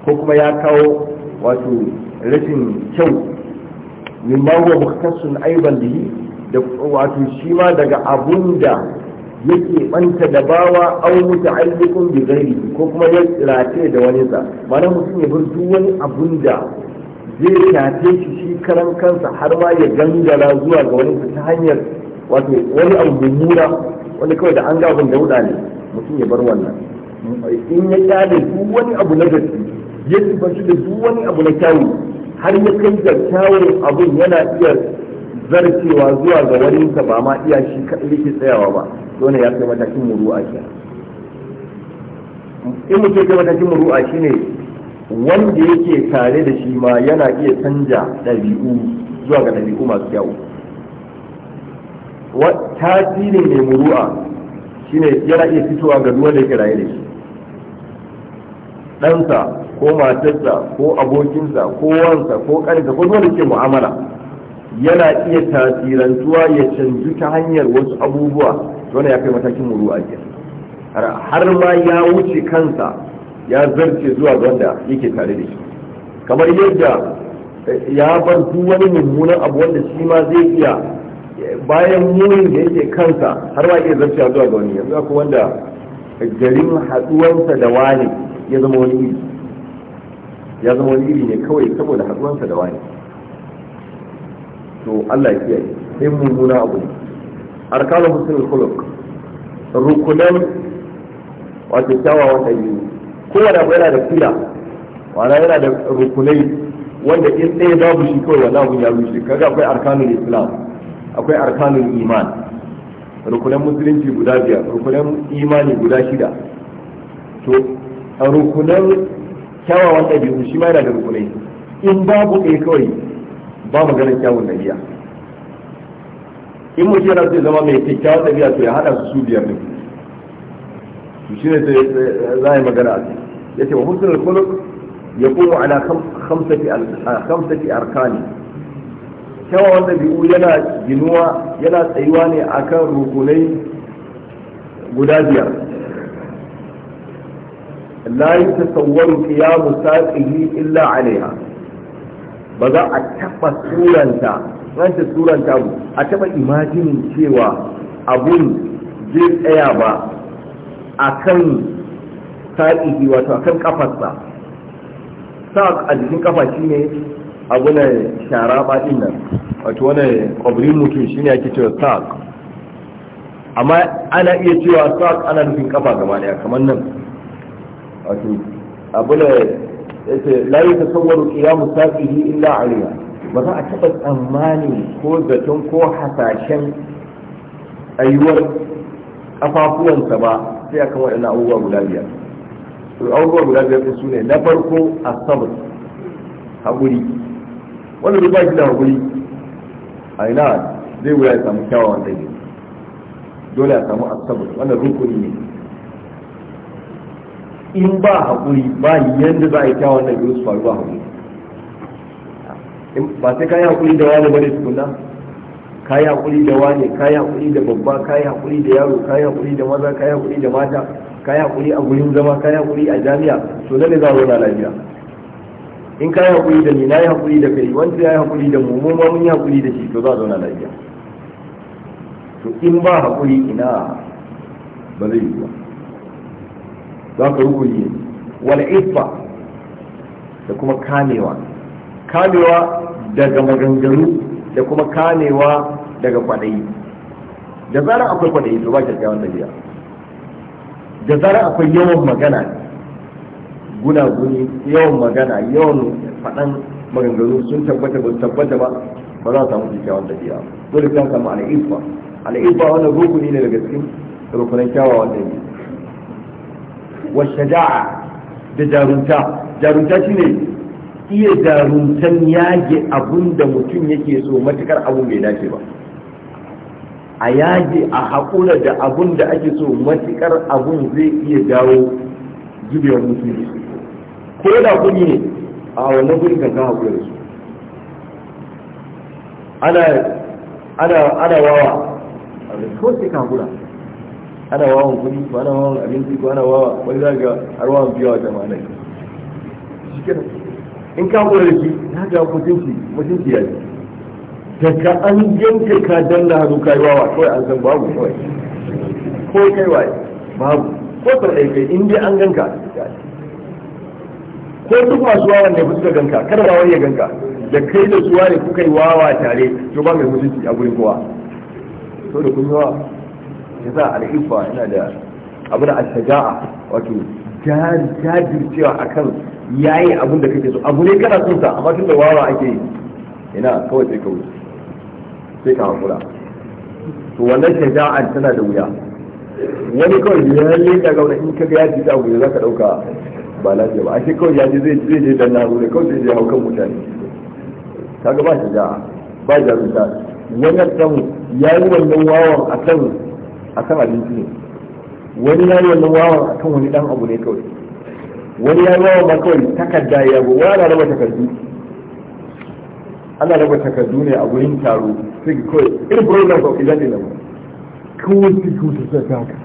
S1: ko kuma ya kawo wato rashin kyau min bukatar huwa mukhtasun aiban shi daga yake banta da bawa aw muta'alliqun bi ghairihi ko kuma ya tsirace da wani sa mutum ya bar duk wani abunda zai shafe shi shi karan kansa har ma ya gangara zuwa ga wani ta hanyar wato wani abu mummuna wani kawai da an ga abin dauda ne mutum ya bar wannan in ya kyale duk wani abu na gaske ya sifanci da duk wani abu na kyawu har ya kai da kyawun abin yana iya zarcewa zuwa ga wani ta ba ma iya shi kaɗai yake tsayawa ba dole ya kai matakin muru'a kenan in mutum ya kai matakin muru'a shine wanda yake tare da shi ma yana iya canja ɗabi'u zuwa ga ɗabi'u masu kyau tasirin mai muru'a shine yana iya fitowa ga duwanda yake raye da shi ɗansa ko matarsa ko abokinsa ko wansa ko ƙarinsa ko duwanda ke mu'amala yana iya tasirantuwa ya canji ta hanyar wasu abubuwa wanda ya kai matakin muru'a ke har ma ya wuce kansa ya zarce zuwa ga wanda yake tare da shi kamar yadda eh, ya bar duk wani mummunan abu wanda shi ma zai iya bayan munin da yake kansa har ma iya zarce zuwa ga wani yanzu akwai wanda garin haduwansa da wani ya zama wani iri ya zama wani iri ne kawai saboda haduwansa da wani to Allah ya kiyaye sai mummuna abu ne arkanul husnul khuluq rukunan wato kyawawan ɗabi'u kowane abu yana da kuya wala yana da rukunai wanda in ɗaya babu shi kawai wannan abun ya rushe kaga akwai arkanun islam akwai arkanun iman rukunan musulunci guda biyar rukunan imani guda shida to a rukunan kyawawan ɗabi'u shi ma yana da rukunai in babu ɗaya kawai ba mu ganin kyawun ɗabi'a in mutum yana zai zama mai kyakkyawan ɗabi'a to ya haɗa su su biyar ne shi ne za a yi magana a ciki ya ce wa husnul khuluq ya kuma ala khamsati arkani kyawawan biyu yana ginuwa yana tsayuwa ne a kan rukunai guda biyar la yi tasawwaru qiyamu saqihi illa alaiha ba za a taɓa suranta ranta suranta abu a taɓa imajinin cewa abun zai tsaya ba akan sa'ihi wato akan kafarsa sa a jikin kafa ne abunan shara baɗin nan wato wani ƙwabirin mutum shi ne ake cewa sa'ak amma ana iya cewa sa'ak ana nufin kafa gaba daya kamar nan wato abunan yace la yatasawwaru qiyamu sa'ihi illa alayha ba za a taɓa tsammani ko zaton ko hasashen tsayuwar ƙafafuwansa ba sai akan waɗannan abubuwa guda biyar abubuwa guda biyar su ne na farko asabar haƙuri wanda duk baki da haƙuri a ina zai wuya ya samu kyawawan ɗaya dole a samu asabar wanda rukuni ne in ba haƙuri ba yadda za a yi kyawawan ɗaya su faru ba haƙuri ba sai kayan yi haƙuri da wani bane tukunna ka hakuri haƙuri da wane ka hakuri haƙuri da babba ka hakuri haƙuri da yaro ka hakuri haƙuri da maza ka hakuri haƙuri da mata ka hakuri haƙuri a gurin zama ka hakuri haƙuri a jami'a to ne za a zauna lafiya in ka hakuri haƙuri da ni na yi haƙuri da kai wanda ya yi haƙuri da mu mu ma mun yi haƙuri da shi to za a zauna lafiya to in ba haƙuri ina ba zai yi ba za ka rukuni wal ifa da kuma kamewa kamewa daga maganganu da kuma kamewa daga kwadayi da zarar akwai kwadayi to ba kyakkyawan ɗabi'a da zarar akwai yawan magana gunaguni yawan magana yawan faɗan maganganu sun tabbata ba su tabbata ba ba za a samu kyakkyawan ɗabi'a dole ka samu al'ifa al'ifa wannan rukuni ne daga cikin rukunan kyawawan ɗabi'a wa shaja'a da jarunta jarunta shine iya jaruntan yage abun da mutum yake so matukar abun bai dace ba a yage a haƙura da abun da ake so matukar abun zai iya dawo zubewar musulmi ko da kuni ne a wannan kuni kan kan haƙura da su ana ana wawa ko sai ka haƙura ana wawan kuni ko ana wawan abinci ko ana wawa wani zaga har wawan biyawa jama'a nan shi kenan in ka kula da shi na ga mutunci mutunci ya ce daga an yanke ka danna hannu kai wawa kawai an san babu kawai ko kai waye babu ko ta ɗaya in dai an ganka ko duk masu wawan ne suka ganka kada wawa ya ganka da kai da suwa ne kuka yi wawa tare to ba mai mutunci a gurin kowa to da kun wa ya sa al'ifa yana da abu da a wato jajircewa akan yayi abin da kake so abu ne kana son sa amma tun da wawa ake yi ina kawai sai ka wuce sai ka hakura to wannan shaja'an tana da wuya wani kawai ya leka ga wani in ka ga ya ji abu ne, za ka dauka ba lafiya ba ashe kawai ya ji zai je je dan naro ne kawai zai je kan mutane kaga ba shaja'a ba jarumta wannan samu yi wannan wawan a kan abinci ne wani ya yi wannan wawan kan wani dan abu ne kawai wani ya yi wawan ma kawai takarda ya go wa ana raba takardu ana raba takardu ne a wurin taro sai kawai irin program ba idan ne ba kawai su kusa sa ta haka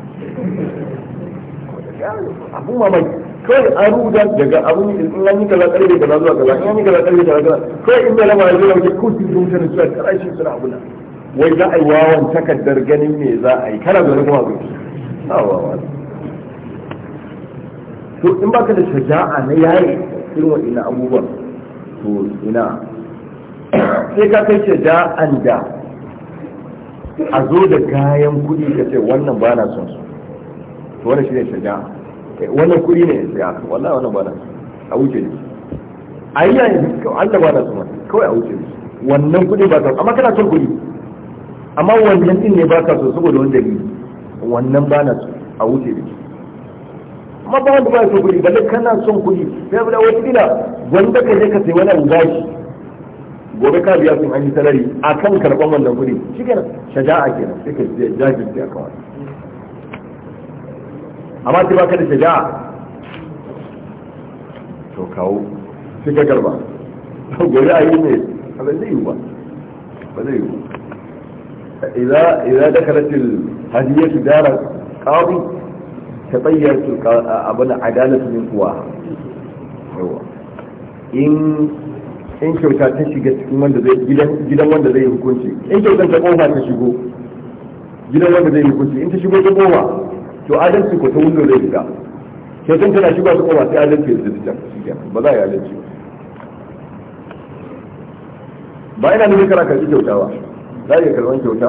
S1: abun mamaki kawai an rubuta daga abun in an yi kaza karfe kaza zuwa kaza in an yi kaza karfe kaza kaza kawai in bai raba da zai wuce kusa su kusa da su a karashi suna abu na. wai za a yi wawan takardar ganin me za a yi kana zaune kuma zuwa tsawawa to in baka da shaja'a na yayi irin ina abubuwan to ina sai ka kai shaja'an da a zo da kayan kudi ka ce wannan ba na son su to shi ne shaja'a eh, wannan kudi ne ya saya wallahi wannan ba na a wuce ne a yi yayin Allah ba na su kawai a wuce ne wannan kudi ba ka amma kana son kudi amma wannan din ne ba ka so saboda wani dalili wannan ba na so a wuce da shi amma ba wanda ba so kuɗi balle kana son kuɗi sai da wata kila wanda ka je ka sai wani gashi gobe ka biya sun hanyar yi a kan karɓar wannan kuɗi shi kenan shaja'a kenan sai ka jajirce akan kawai amma sai baka da shaja'a to kawo sai ka karɓa, gobe a yi ne ba zai yi ba ba zai yi ba إذا إذا دخلت الهدية دار قاضي تطيرت أبن عدالة من قواها إن in kyauta ta shiga cikin wanda zai gidan hukunci in kyauta ta kofa ta shigo gidan wanda zai hukunci in ta shigo ta kofa to adalci ko ta wundo zai shiga kyautan tana shigo ta kofa sai adalci ya fita ba za a yi adalci ba ina nufin kara karɓi kyautawa za a iya karban kyauta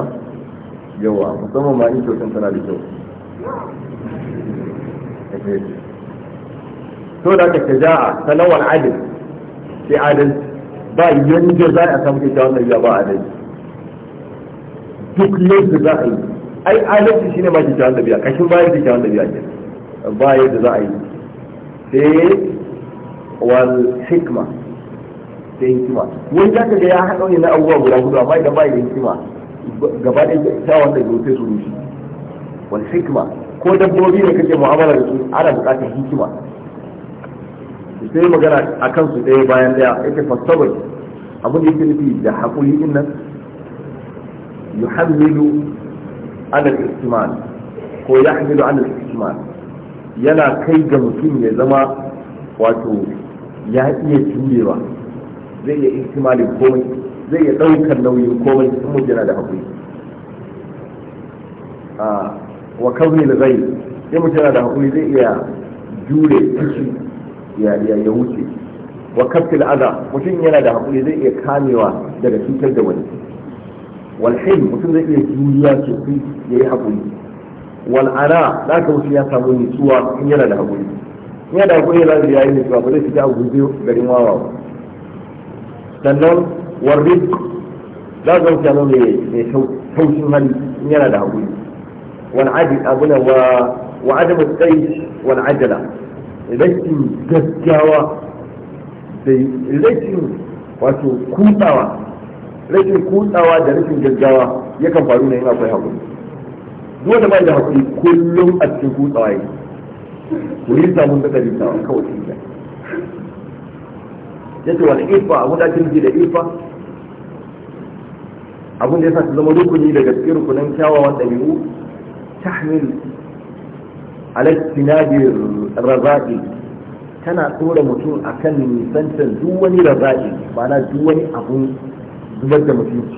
S1: yawa musamman ma in kyautan tana da kyau to da aka shaja'a ta lawan adil sai adal ba yanda za a samu ita wannan ya ba adal duk yadda za a yi ai adalci ne ma ke kyakkyawan dabi'a kashin bayan kyakkyawan dabi'a ke ba yadda za a yi sai wal hikma da hikima wani zaka ga ya haɗa ne na abubuwa guda hudu amma idan ba da hikima gaba ɗaya ta wanda ya sai su rushe wal hikima ko dabbobi da kake mu'amala da su ana buƙatar hikima sai magana a kansu ɗaya bayan ɗaya yake bai abin da yake nufi da haƙuri in nan hamilu ala al ko hamilu ala al yana kai ga mutum ya zama wato ya iya jurewa zai iya ihtimalin komai zai iya ɗaukar nauyin komai sun mutu yana da haƙuri wa kauni da zai in mutu yana da haƙuri zai iya jure kishi ya wuce wa kafil aza mutum yana da haƙuri zai iya kamewa daga cutar da wani walhin mutum zai iya juriya sosai ya yi haƙuri wal'ana za ka wuce ya samu nutsuwa in yana da haƙuri in yana da haƙuri yana da yayin nutsuwa ba zai fita a guje garin wawa ba sannan warrik za ka wuce mu mai haushin hali yana da haƙuri wal'adi abuna wa wa adamu tsayi wal'ajala rashin gaggawa da rashin wato kutsawa rashin kutsawa da rashin gaggawa yakan faru ne in akwai haƙuri duk wanda bai da haƙuri kullum a cikin kutsawa yake ku yi samun da kawai ya ce wani ifa abu da ake da ifa abun da ya sa ta zama rukuni daga cikin rukunin kyawawan ɗabi'u tahmil alaikinabi raza'i tana tsora mutum a kan nisantar duk wani raza'i ma'ana duk wani abun zubar da mutunci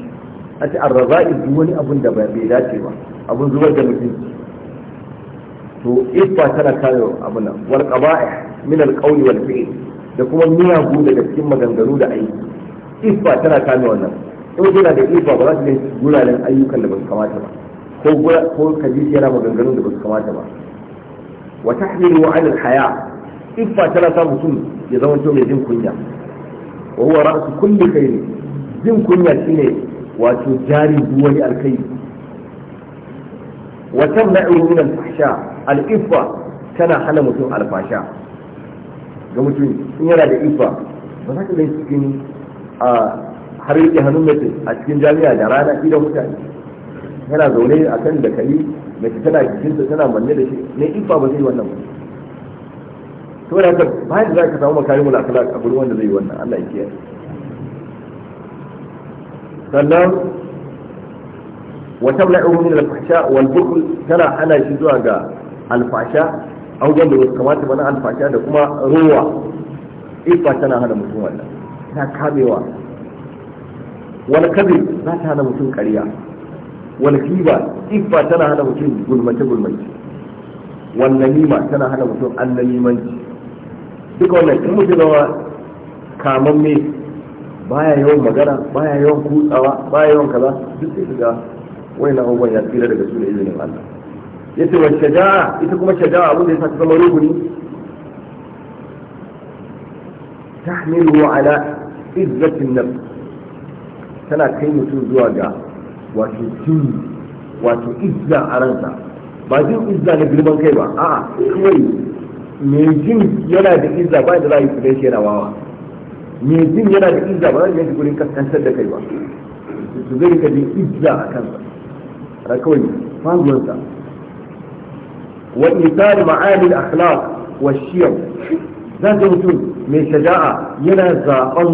S1: a ce an raza'i duk wani abun da bai dace ba abun zubar da mutunci to ifa tana kayo abun nan wal qaba'i min al qawli wal fi'l da kuma miyagu daga cikin maganganu da aiki ifa tana kame wannan in kuna da ifa ba za su yi guraren ayyukan da ba su kamata ba ko ko kadisi yana maganganun da ba su kamata ba wa tahmilu ala alhaya ifa tana sa mutum ya zama to mai jin kunya wa huwa ra'su kulli khair jin kunya shine wato jari duwani alkai wa tamna'u min alfasha, al-iffa tana hana mutum alfasha ga mutum in yana da ifa ba za ka gani cikin a har yake hannun mace a cikin jami'a da rana idan mutane yana zaune a kan da kali mace tana jikinsa tana manne da shi ne ifa ba zai yi wannan ba to da haka ba da za ka samu makarimul akhlaq a gurin wanda zai yi wannan Allah ya kiyaye sannan wa tamna'uhu min al-fahsha wal bukhl tana ana shi zuwa ga al-fahsha abubuwan da wasu kamata ba na da kuma rowa ifa tana hana mutum wannan ta kamewa wani kabe za ta hana mutum ƙarya wani kiba ifa tana hana mutum gulmace gulmace wannan nima tana hana mutum nimanci duka wannan in mutum zama kamar me baya yawan magana baya yawan kutsawa baya yawan kaza duk sai ga wani abubuwan ya tsira daga su da izinin Allah yace wa shaja'a ita kuma shaja'a abin da ya ta zama rukuni tahmilu ala izzatin nafs tana kai mutum zuwa ga wato jini, wato izza a ransa ba jin izza na girman kai ba a'a kawai mai jin yana da izza ba da za a yi kudin shi yana wawa mai jin yana da izza ba zai yanzu gurin kaskantar da kai ba su zai ka jin izza a kansa a kawai fazuwarsa wa isar ma'anil akhlaq wa shiyam zaka mutum mai shaja'a yana zaɓan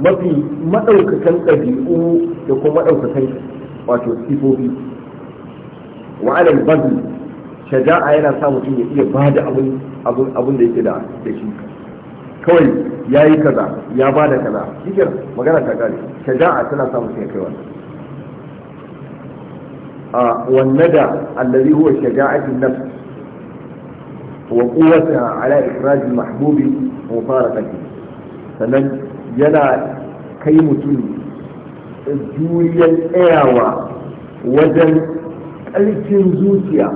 S1: mafi maɗaukakan ɗabi'u da kuma maɗaukakan wato sifofi wa alal bazli shaja'a yana sa mutum ya iya bada abun abun abun da yake da da shi kawai yayi kaza ya bada kaza shikenan magana ta kare shaja'a tana sa mutum kai wannan a wannada allazi huwa shaja'atun nafs وقوتها على إخراج المحبوب مفارقته sannan yana kai mutum juriyar tsayawa wajen ƙarfin zuciya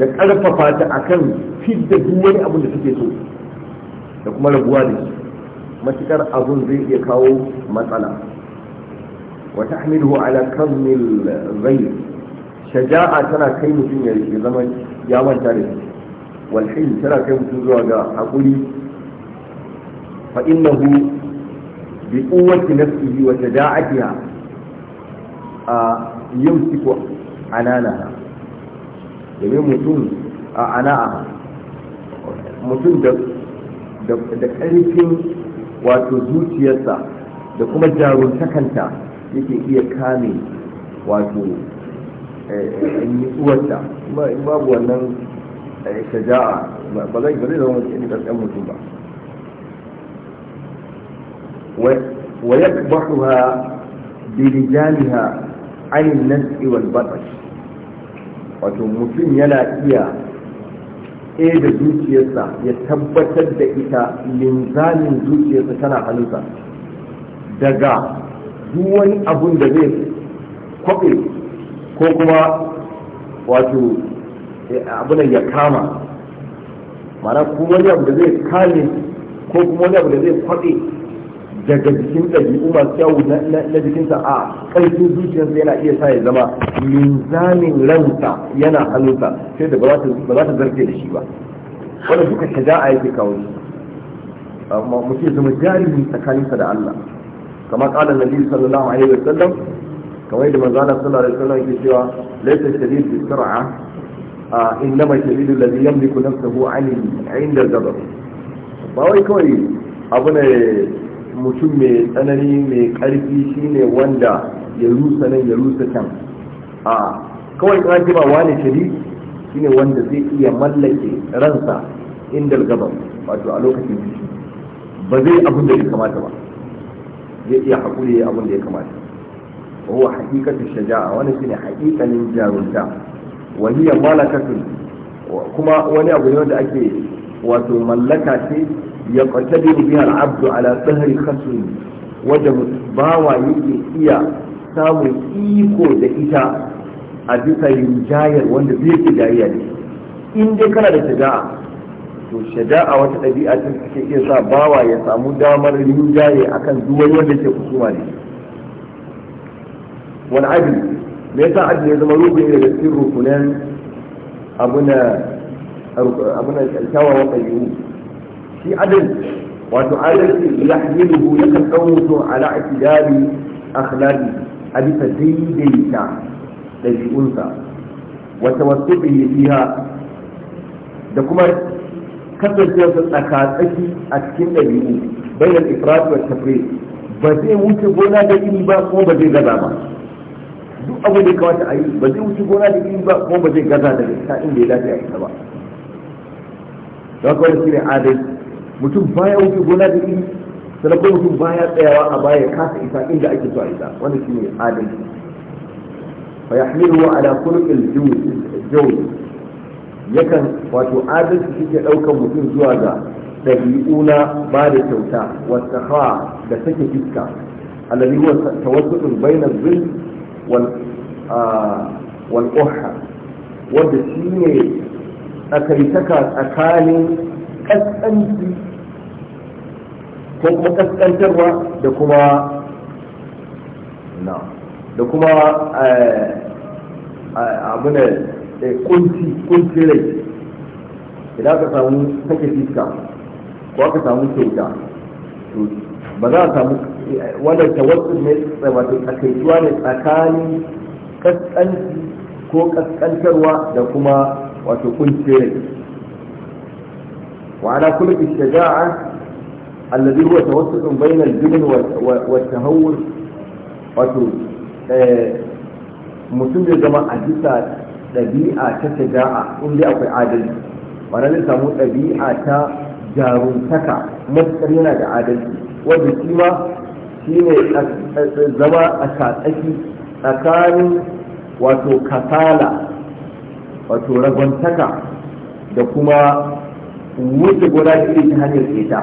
S1: da ƙarfafa ta akan fidda duk wani abin da suke so da kuma rabuwa da shi matukar abun zai iya kawo matsala wa tahmiluhu ala kammil ghayr shaja'a tana kai mutum ya zama ya manta da shi walhin tana kai mutum zuwa ga haƙuri fa innahu bi quwwati nafsihi wa tada'atiha a yumsiku ananaha domin mutum a ana'a mutum da da ƙarfin wato zuciyarsa da kuma jaruntakanta yake iya kame wato nutsuwarta babu wannan shaja'a eh, ba zai ba zai zama mutum da tsayen mutum ba wa yakbahuha bi rijaliha wato mutum yana iya ɗaya eh, da zuciyarsa ya tabbatar da ita linzamin zuciyarsa tana hannunsa daga duk wani abun da zai kwaɓe ko kuma wato abin ya kama mana kuma wani abu da zai kame ko kuma wani abu da zai kwaɗe daga jikin ɗabi'u masu kyau na jikinsa a ƙarfin zuciyarsa yana iya sa ya zama min zamin ranta yana hannunsa sai da ba za ta zarge da shi ba wanda duka a yake kawo shi amma ce zama jarumi tsakaninsa da Allah kama kala nabi sallallahu alaihi wasallam kamar yadda manzo sallallahu alaihi wasallam ke cewa laifin shari'a إنما shadidu الذي يملك نفسه عن inda zabar باوي كوي kawai abu ne mutum mai tsanani mai karfi shine wanda ya rusa nan ya rusa can a wanda zai iya mallake ransa inda gabar wato a lokacin fushi ba zai abun da ya kamata ba zai iya haƙuri abun da ya kamata wa shaja'a wani shine haƙiƙanin jarunta wahiya malakatun kuma wani abu ne wanda ake wato mallaka ce ya kwatade biya al'abdu ala tsahari kasun wadda bawa yake iya samun iko da ita a bisa rinjayar wanda zai ke jariya ne in dai kana da shaja'a to shaja'a wata ɗabi'a ce take iya sa bawa ya samu damar rinjaye akan duwai wanda ke kusuma ne wani abin me yasa hajji ya zama rukuni daga cikin rukunan abuna abuna kyawawan ɗabi'u shi adal wato adalci ya hajjiru ya kan ɗan mutum ala akidari akhlaqi a bisa daidaita ɗabi'unsa wata wasu fiha da kuma kasancewarsa tsakatsaki a cikin ɗabi'u bayan ifrat wa tafri ba zai wuce gona da iri ba kuma ba zai gaza ba duk abu da ya kamata a yi ba zai wuce gona da iri ba kuma ba zai gaza da ta inda ya dace a isa ba da haka wani shine adalci mutum baya wuce gona da iri sannan mutum baya tsayawa a baya kasa isa inda ake so a isa wannan shine adalci fa wa ala khuluqil jawd yakan wato adalci shike daukan mutum zuwa ga dabi'u na ba da kyauta wata da sake fiska alladhi huwa tawassutun bainal zulm wal'uha wadda shi ne tsakaitaka tsakanin ƙasƙanci ko kuma ƙasƙantarwa da kuma na da kuma abin kunci eh, kunci rai idan aka samu take fiska ko aka samu kyauta ba za a samu wannan tawassul ne wato tsakaituwa ne tsakanin kaskanci ko kaskantarwa da kuma wato kunce rai wa ala kulli shaja'a alladhi huwa tawassulun bayna al-jubn wa tahawwur wato eh, mutum zai zama a bisa ɗabi'a ta shaja'a in dai akwai adalci Wannan zai samu ɗabi'a ta jaruntaka matuƙar yana da adalci wanda shi ma shine zama a tsaki tsakanin wato kasala wato ragwantaka da kuma wuce guda ke ta hanyar keta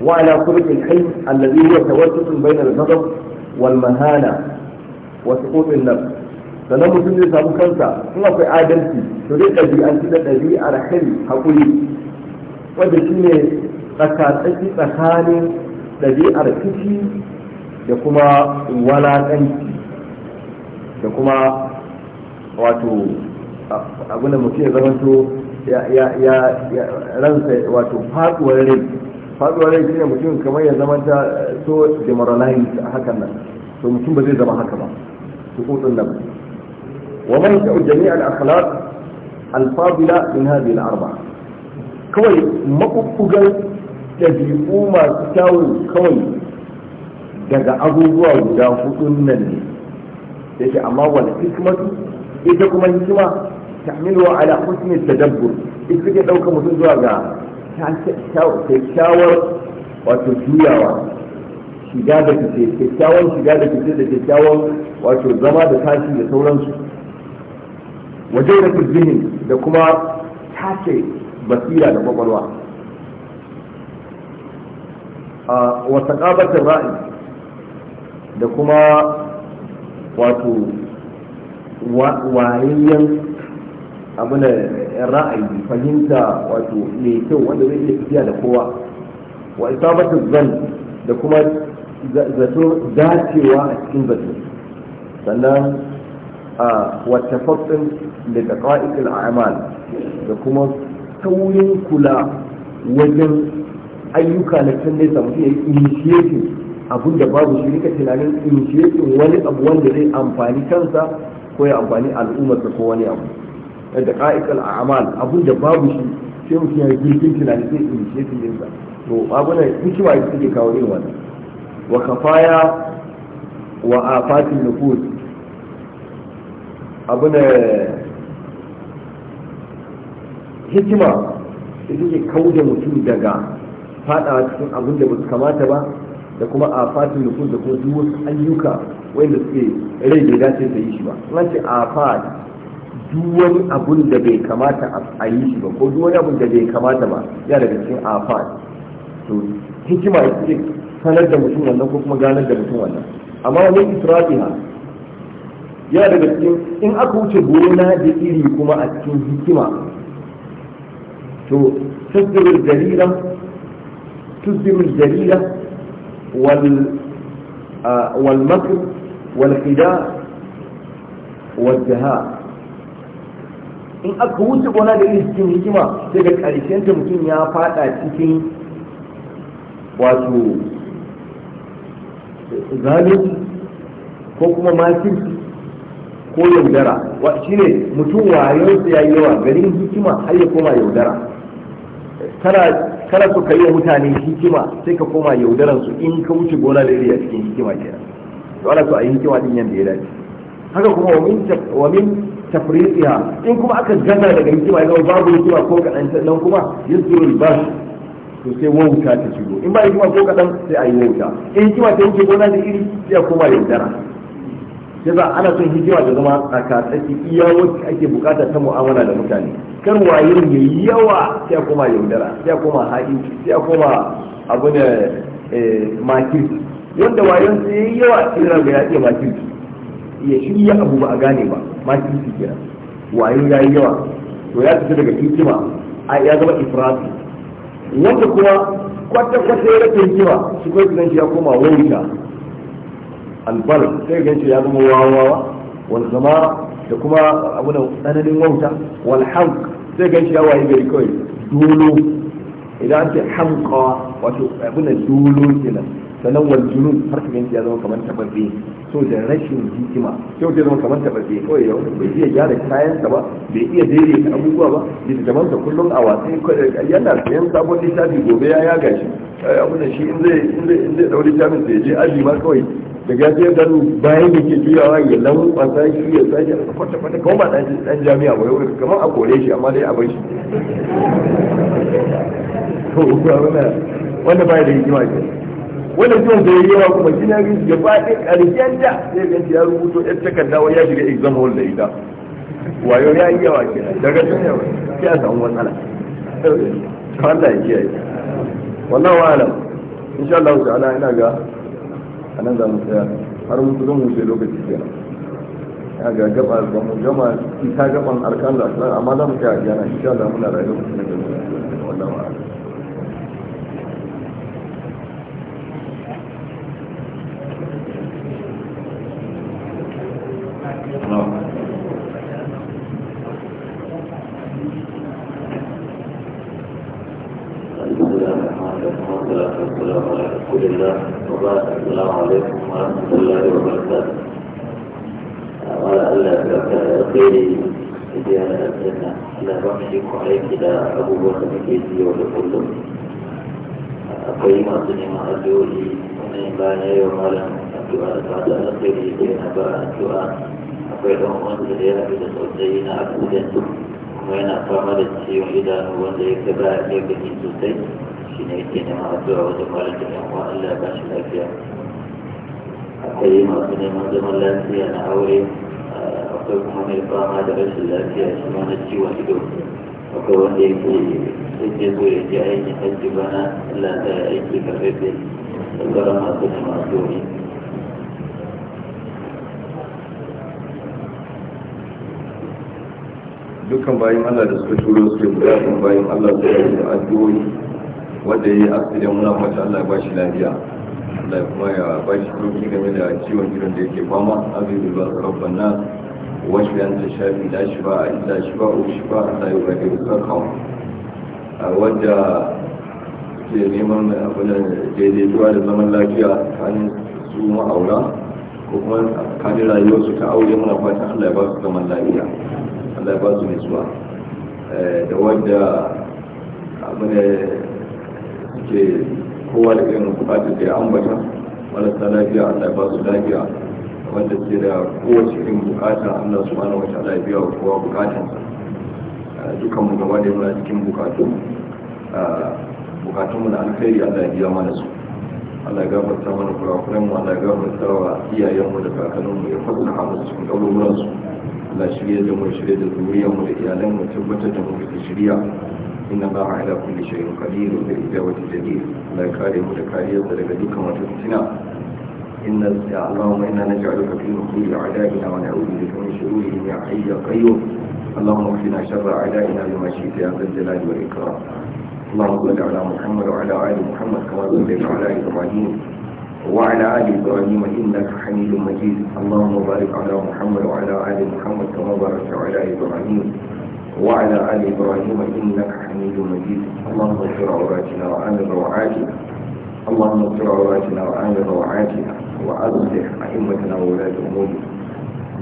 S1: wa ala kurkin kai allazi huwa tawassulun bainal ghadab wal mahana wa suqutin nafs sannan mutum zai samu kansa in akwai adalci to dai ɗabi'anci da ɗabi'ar hari hakuri wanda shine tsakatsaki tsakanin ɗabi'ar kici da kuma walaƙanci da kuma wato abinda mutum ya zamanto ya ransa wato faɗuwar rai faɗuwar rai shine mutum kamar ya zamanta eh, so demoralized a hakan nan to mutum ba zai zama haka ba su kutsun nan
S2: wa man ta'u jami'al
S1: akhlaq al-fadila min hadhihi al-arba'a kawai makukkugan ɗabi'u masu kyawun kawai daga abubuwa guda hudun nan ne yake amma wani hikimatu ita kuma hikima ta'milu ala husni tadabbur ita take ɗauka mutum zuwa ga kyakkyawar wato juyawa shiga da fice kyakkyawan shiga da fice da kyakkyawan wato zama da tashi da sauransu wajen da zihin da kuma tace basira da kwakwalwa wa saqabatin ra'ayi da kuma wato wayayyen abin da ra'ayi fahimta wato mai kyau wanda zai iya tafiya da kowa wa isabatu zan da kuma zato dacewa a cikin zato sannan a wata faɗin da daƙa'iƙil a'amal da kuma sauyin kula wajen ayyuka na can nesa mutum ya yi initiating abin da babu shi rika tunanin initiating wani abu wanda zai amfani kansa ko ya amfani al'ummarsa ko wani abu da ka'ikal a'amal abin da babu shi sai mutum ya yi girkin tunani sai initiating ɗinsa to abu ne hikima ita take kawo irin wannan wa kafaya wa afatin nufus abu ne hikima ita ke kauda mutum daga fadawa cikin abin da basu kamata ba da kuma a fatin nufus da kuma duk wasu ayyuka wanda suke rai bai dace ta yi shi ba kuma ce a fat duk wani abin da bai kamata a yi shi ba ko duk wani abin da bai kamata ba ya daga cikin a fat to hikima ya ce sanar da mutum wannan ko kuma ganar da mutum wannan amma wani israfiha ya daga cikin in aka wuce gona da iri kuma a cikin hikima to tasdirar dalilan تسدم الجريرة وال والمكر والخداع والدهاء in aka wuce gona da iri cikin hikima sai da ƙarshen ta mutum ya fada cikin wato zalunci ko kuma makirci ko yaudara shi ne mutum wayonsa ya yi yawa garin hikima har ya koma yaudara tana kana so ka yi mutane hikima sai ka koma yaudaran su in ka wuce gona da iri a cikin hikima ke to ana so a yi hikima din yanda ya dace haka kuma wa min tafriqiha in kuma aka gana daga hikima ya zama babu hikima ko kadan nan kuma yusrul bash to sai wauta ta shigo in ba hikima ko kadan sai a yi wauta in hikima ta wuce gona da iri sai a koma yaudara yasa ana son hikima da zama tsakatsaki iya wacce ake bukata ta mu'amala da mutane kar waye ne yawa sai kuma yaudara sai kuma haɗi sai kuma abu ne eh, eh, makir wanda waye sai yayi yawa sai ga ya iya ya shirya abu ba a gane ba kira kenan wayan yayi yawa to ya fita daga hikima ya zama ifrati wanda kuma kwata-kwata ya rasa hikima shi kai ya koma wauta albal sai ga shi ya zama wawawa wal zama da kuma abuna da tsananin wauta wal hank sai ga shi ya waye gari kawai dolo idan an ce hankawa wato abin da dolo kenan sannan wal junun har ka ganci ya zama kamar tabarbe so da rashin hikima sai mutum zama kamar tabarbe kawai ya bai iya gyara kayansa ba bai iya ta abubuwa ba littattafan sa kullum a wasu yana sayan sabon littafi gobe ya yaga shi abunan shi in zai in zai da littafin sai je aji ma kawai da gaske da bayan da ke juyawa ya lamu kwasa shi ya sashi a kwata kwata kawai ba dan dan jami'a ba yau kamar a kore shi amma dai a bar shi to wannan bai da hikima ke wannan son da yi yawa kuma shi na rin ya faɗi ƙarshen da ya ga ya rubuto ya takarda wani ya shiga exam hall da ita wayo ya yi yawa ke daga sun yawa sai a samu ala Allah ya kiyaye wannan wa alam insha Allah ta'ala ina ga anan za mu tsaya har mutu zan wuce sai ke nan ya ga gaba ba mu gama ita gaban arkan da amma za mu tsaya kenan insha Allah muna rayuwa mu cikin wannan wa alam ọ̀gá àwọn alága ọ̀gbẹ́rẹ́ ìdí alágbẹ́ta alága ọ̀gbẹ́rẹ́ kọ́lé ìdá agbègbè ọ̀gbẹ́rẹ́ kejì ọ̀lọ́kọ̀lọ́ akọ̀yìn màtún ní màá dé òní wọn ní bá yẹn yọ ọmọ alẹ́ àti wọn àti wọn àti wọn àti wọn àti wọn akọ̀yìn ọmọ wọn ti rí àti wọn ti rí ní àkùdẹ tó wọn yẹn náà fáwọn lè ti wọn yíyá ní wọn lè fẹ báyìí ní ẹgbẹ ní tó tẹ ìṣìn akwai masu neman zaman lafiya na aure akwai kuma mai fama da rashin lafiya shi ma na ciwon ido akwai wanda yake yake so ya je aikin hajji bana Allah ta ya aiki karfafe da sauran masu neman domin dukkan bayan Allah da suka turo su guda kan bayan Allah su yi da addu'o'i wanda ya yi asirin muna fata Allah ya ba shi lafiya Allah kuma ya ba shi doki game da ciwon gidan da yake fama azumi ba rabban nan, wasu yan ta shafi da shi ba a illa shi ba o shi ba Allah ya ba da kawo. a wadda ke neman abin da daidaituwa da zaman lafiya tsakanin su ma'aura ko kuma tsakanin rayuwarsu ta aure mana fatan Allah ya ba su zaman lafiya Allah ya ba su nutsuwa eh, da wadda abin da ke kowa da irin bukata da ya ambata marasa lafiya Allah ya ba su lafiya wanda ce da kowace irin bukata Allah su wa wata lafiya wa kowa bukatansa ah, dukan mu gaba da muna cikin bukatu ah, bukatun mu na alkhairi Allah ya biya mana su Allah ya gafarta mana kurakuran mu Allah ya gafarta wa iyayen mu da kakannin mu ya fasa musu cikin kaburburan su لا شريع يوم يوم الإعلام وثبتة يوم الشريع إن على كل شيء قدير بالإجابة الجديد لا كارم لكارية درجتك وتفتنا إن اللهم إنا نجعلك في نحور أعدائنا ونعوذ بك من شرورهم يا حي يا قيوم اللهم اكفنا شر أعدائنا بما شئت يا ذا الجلال والإكرام اللهم صل على محمد وعلى آل محمد كما صليت على إبراهيم وعلى آل إبراهيم إنك حميد مجيد اللهم بارك على محمد وعلى آل محمد كما باركت على إبراهيم وعلى آل إبراهيم إنك حميد مجيد اللهم اغفر عوراتنا وآمن روعاتنا اللهم اغفر عوراتنا وآمن روعاتنا وأصلح أئمتنا وولاة أمورنا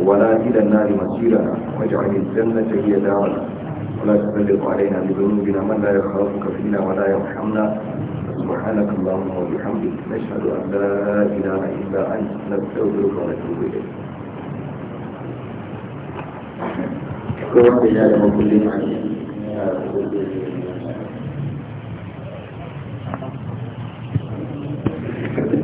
S1: ولا إلى النار مسيرنا واجعل الجنة هي دارنا ولا تسلط علينا بذنوبنا من لا يخافك فينا ولا يرحمنا سبحانك اللهم وبحمدك نشهد أن لا إله إلا أنت نستغفرك ونتوب إليك Thank you.